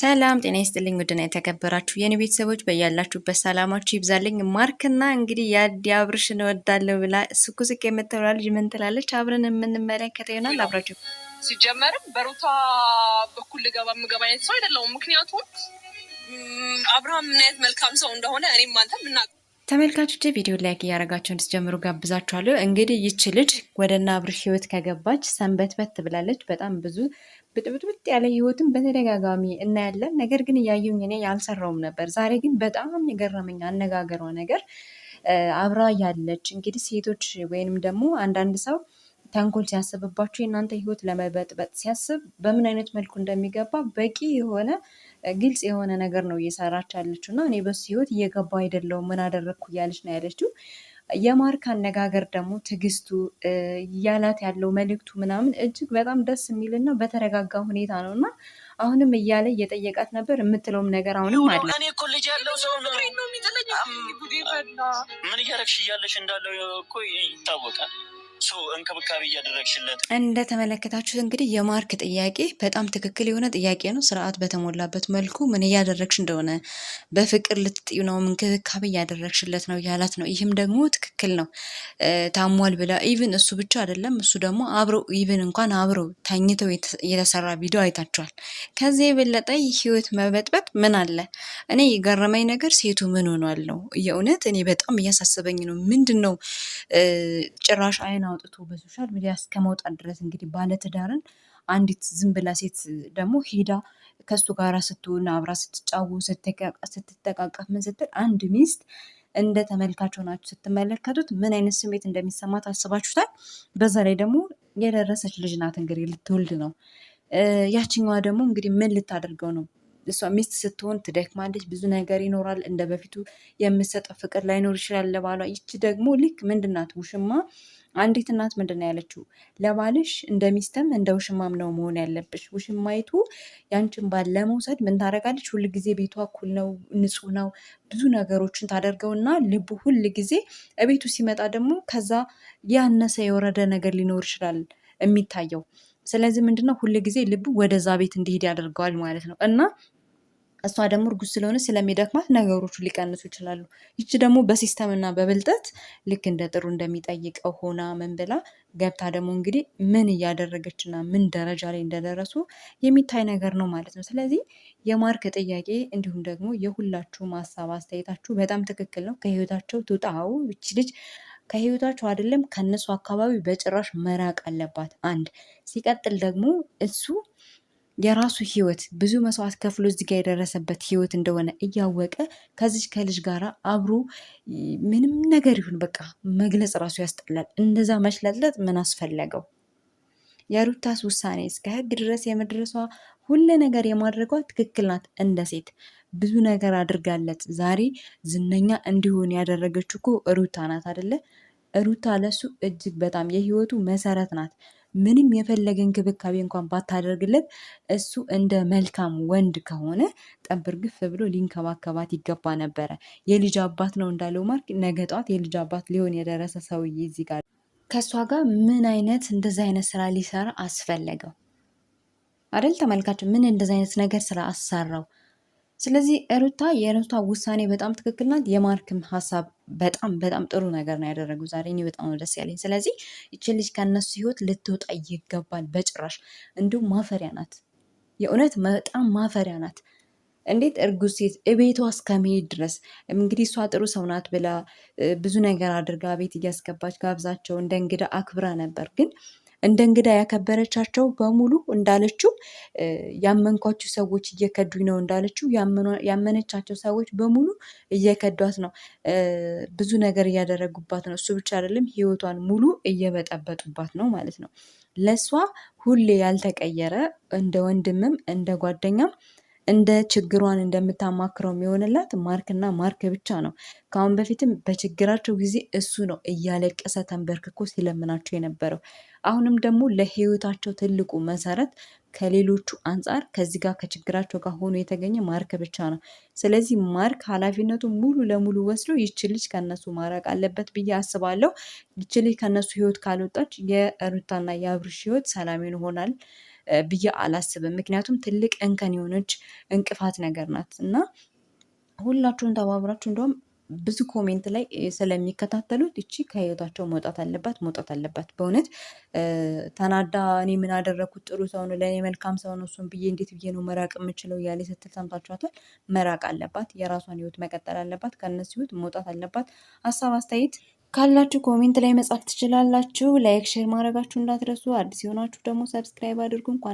ሰላም ጤና ይስጥልኝ። ውድና የተከበራችሁ የኔ ቤተሰቦች በያላችሁበት ሰላማችሁ ይብዛልኝ። ማርክና እንግዲህ የአዲ አብርሽን እወዳለሁ ብላ ስኩስቅ የምትለዋ ልጅ ምን ትላለች? አብረን የምንመለከተ ይሆናል። አብራችሁ ሲጀመርም በሩታ በኩል ልገባ የምገባ አይነት ሰው አይደለሁም። ምክንያቱም አብርሃም ምን አይነት መልካም ሰው እንደሆነ እኔም አንተ ምናቅ ተመልካቾች ቪዲዮ ላይክ እያደረጋችሁ እንድትጀምሩ ጋብዛችኋለሁ። እንግዲህ ይች ልጅ ወደ እነ አብርሽ ህይወት ከገባች በት ትብላለች። በጣም ብዙ ብጥብጥብጥ ያለ ህይወትን በተደጋጋሚ እናያለን። ነገር ግን እያየሁኝ እኔ ያልሰራውም ነበር። ዛሬ ግን በጣም የገረመኝ አነጋገሯ ነገር አብራ ያለች እንግዲህ ሴቶች ወይንም ደግሞ አንዳንድ ሰው ተንኮል ሲያስብባቸው የእናንተ ህይወት ለመበጥበጥ ሲያስብ በምን አይነት መልኩ እንደሚገባ በቂ የሆነ ግልጽ የሆነ ነገር ነው እየሰራች ያለችው እና እኔ በሱ ህይወት እየገባ አይደለውም ምን አደረግኩ እያለች ነው ያለችው። የማርክ አነጋገር ደግሞ ትዕግስቱ እያላት ያለው መልእክቱ ምናምን እጅግ በጣም ደስ የሚልና በተረጋጋ ሁኔታ ነው እና አሁንም እያለ እየጠየቃት ነበር። የምትለውም ነገር አሁንም አለ። እኔ እኮ ልጅ ያለው ሰው ነው። ምን እያረግሽ እያለሽ እንዳለው እኮ ይታወቃል። እሱ እንክብካቤ እያደረግሽለት እንደተመለከታችሁት እንግዲህ የማርክ ጥያቄ በጣም ትክክል የሆነ ጥያቄ ነው። ስርዓት በተሞላበት መልኩ ምን እያደረግሽ እንደሆነ በፍቅር ልትጥዩ ነው፣ እንክብካቤ እያደረግሽለት ነው እያላት ነው። ይህም ደግሞ ትክክል ነው። ታሟል ብላ ኢቭን እሱ ብቻ አይደለም እሱ ደግሞ አብረው ኢቭን እንኳን አብረው ተኝተው የተሰራ ቪዲዮ አይታችኋል። ከዚህ የበለጠ ህይወት መበጥበጥ ምን አለ? እኔ የገረመኝ ነገር ሴቱ ምን ሆኗል ነው የእውነት እኔ በጣም እያሳሰበኝ ነው። ምንድን ነው ጭራሽ አይና አውጥቶ በሶሻል ሚዲያ እስከ መውጣት ድረስ እንግዲህ ባለትዳርን አንዲት ዝም ብላ ሴት ደግሞ ሄዳ ከሱ ጋር ስትሆን አብራ ስትጫወት ስትጠቃቀፍ ምን ስትል አንድ ሚስት እንደ ተመልካች ሆናችሁ ስትመለከቱት ምን አይነት ስሜት እንደሚሰማት አስባችሁታል? በዛ ላይ ደግሞ የደረሰች ልጅ ናት እንግዲህ ልትወልድ ነው። ያችኛዋ ደግሞ እንግዲህ ምን ልታደርገው ነው? እሷ ሚስት ስትሆን ትደክማለች፣ ብዙ ነገር ይኖራል። እንደ በፊቱ የምሰጠው ፍቅር ላይኖር ይችላል ለባሏ። ይቺ ደግሞ ልክ ምንድናት ውሽማ አንዲት እናት ምንድን ነው ያለችው? ለባልሽ እንደ ሚስትም እንደ ውሽማም ነው መሆን ያለብሽ። ውሽማይቱ ያንችን ባል ለመውሰድ ምን ታደርጋለች? ሁል ጊዜ ቤቷ እኩል ነው፣ ንጹህ ነው፣ ብዙ ነገሮችን ታደርገውና ልቡ ሁል ጊዜ እቤቱ ሲመጣ ደግሞ ከዛ ያነሰ የወረደ ነገር ሊኖር ይችላል የሚታየው። ስለዚህ ምንድነው ሁል ጊዜ ልቡ ወደዛ ቤት እንዲሄድ ያደርገዋል ማለት ነው እና እሷ ደግሞ እርጉዝ ስለሆነ ስለሚደክማት ነገሮቹ ሊቀንሱ ይችላሉ። ይቺ ደግሞ በሲስተምና በብልጠት ልክ እንደ ጥሩ እንደሚጠይቀው ሆና ምን ብላ ገብታ ደግሞ እንግዲህ ምን እያደረገችና ምን ደረጃ ላይ እንደደረሱ የሚታይ ነገር ነው ማለት ነው። ስለዚህ የማርክ ጥያቄ እንዲሁም ደግሞ የሁላችሁ ማሳብ አስተያየታችሁ በጣም ትክክል ነው። ከህይወታቸው ትውጣው ይቺ ልጅ ከህይወታቸው አይደለም ከእነሱ አካባቢ በጭራሽ መራቅ አለባት። አንድ ሲቀጥል ደግሞ እሱ የራሱ ህይወት ብዙ መስዋዕት ከፍሎ እዚጋ የደረሰበት ህይወት እንደሆነ እያወቀ ከዚች ከልጅ ጋራ አብሮ ምንም ነገር ይሁን በቃ መግለጽ ራሱ ያስጠላል። እንደዛ መሽለጥለጥ ምን አስፈለገው? የሩታስ ውሳኔ እስከ ህግ ድረስ የመድረሷ ሁሉ ነገር የማድረጓ ትክክል ናት። እንደ ሴት ብዙ ነገር አድርጋለት ዛሬ ዝነኛ እንዲሆን ያደረገች እኮ ሩታ ናት አደለ? ሩታ ለሱ እጅግ በጣም የህይወቱ መሰረት ናት። ምንም የፈለገ እንክብካቤ እንኳን ባታደርግለት እሱ እንደ መልካም ወንድ ከሆነ ጠብርግፍ ብሎ ሊንከባከባት ይገባ ነበረ። የልጅ አባት ነው እንዳለው ማርክ ነገ የልጅ አባት ሊሆን የደረሰ ሰውዬ እዚህ ጋር ከእሷ ጋር ምን አይነት እንደዚ አይነት ስራ ሊሰራ አስፈለገው? አደል ተመልካቸው ምን እንደዚ አይነት ነገር ስራ አሰራው? ስለዚህ ሩታ የሩታ ውሳኔ በጣም ትክክል ናት። የማርክም ሀሳብ በጣም በጣም ጥሩ ነገር ነው ያደረጉ ዛሬ። እኔ በጣም ነው ደስ ያለኝ። ስለዚህ ይች ልጅ ከነሱ ህይወት ልትወጣ ይገባል። በጭራሽ እንዲሁም ማፈሪያ ናት። የእውነት በጣም ማፈሪያ ናት። እንዴት እርጉዝ ሴት እቤቷ እስከመሄድ ድረስ እንግዲህ እሷ ጥሩ ሰው ናት ብላ ብዙ ነገር አድርጋ ቤት እያስገባች ጋብዛቸው እንደ እንግዳ አክብራ ነበር ግን እንደ እንግዳ ያከበረቻቸው በሙሉ እንዳለችው ያመንኳችሁ ሰዎች እየከዱኝ ነው እንዳለችው ያመነቻቸው ሰዎች በሙሉ እየከዷት ነው። ብዙ ነገር እያደረጉባት ነው። እሱ ብቻ አይደለም፣ ህይወቷን ሙሉ እየበጠበጡባት ነው ማለት ነው። ለእሷ ሁሌ ያልተቀየረ እንደ ወንድምም እንደ ጓደኛም እንደ ችግሯን እንደምታማክረው የሚሆንላት ማርክና ማርክ ብቻ ነው። ከአሁን በፊትም በችግራቸው ጊዜ እሱ ነው እያለቀሰ ተንበርክኮ ሲለምናቸው የነበረው። አሁንም ደግሞ ለህይወታቸው ትልቁ መሰረት ከሌሎቹ አንጻር ከዚህ ጋር ከችግራቸው ጋር ሆኖ የተገኘ ማርክ ብቻ ነው። ስለዚህ ማርክ ኃላፊነቱ ሙሉ ለሙሉ ወስዶ ይች ልጅ ከነሱ ማራቅ አለበት ብዬ አስባለሁ። ይች ልጅ ከነሱ ህይወት ካልወጣች የሩታና የአብርሽ ህይወት ሰላም ይሆናል ብዬ አላስብም። ምክንያቱም ትልቅ እንከን የሆነች እንቅፋት ነገር ናት እና ሁላችሁን ተባብራችሁ እንደውም ብዙ ኮሜንት ላይ ስለሚከታተሉት እቺ ከህይወታቸው መውጣት አለባት መውጣት አለባት። በእውነት ተናዳ እኔ ምን አደረግኩት? ጥሩ ሰው ነው ለእኔ መልካም ሰው ነው፣ እሱን ብዬ እንዴት ብዬ ነው መራቅ የምችለው? እያለ ስትል ሰምታችኋታል። መራቅ አለባት፣ የራሷን ህይወት መቀጠል አለባት፣ ከእነሱ ህይወት መውጣት አለባት። ሀሳብ አስተያየት ካላችሁ ኮሜንት ላይ መጻፍ ትችላላችሁ። ላይክ ሼር ማድረጋችሁ እንዳትረሱ። አዲስ የሆናችሁ ደግሞ ሰብስክራይብ አድርጉ። እንኳን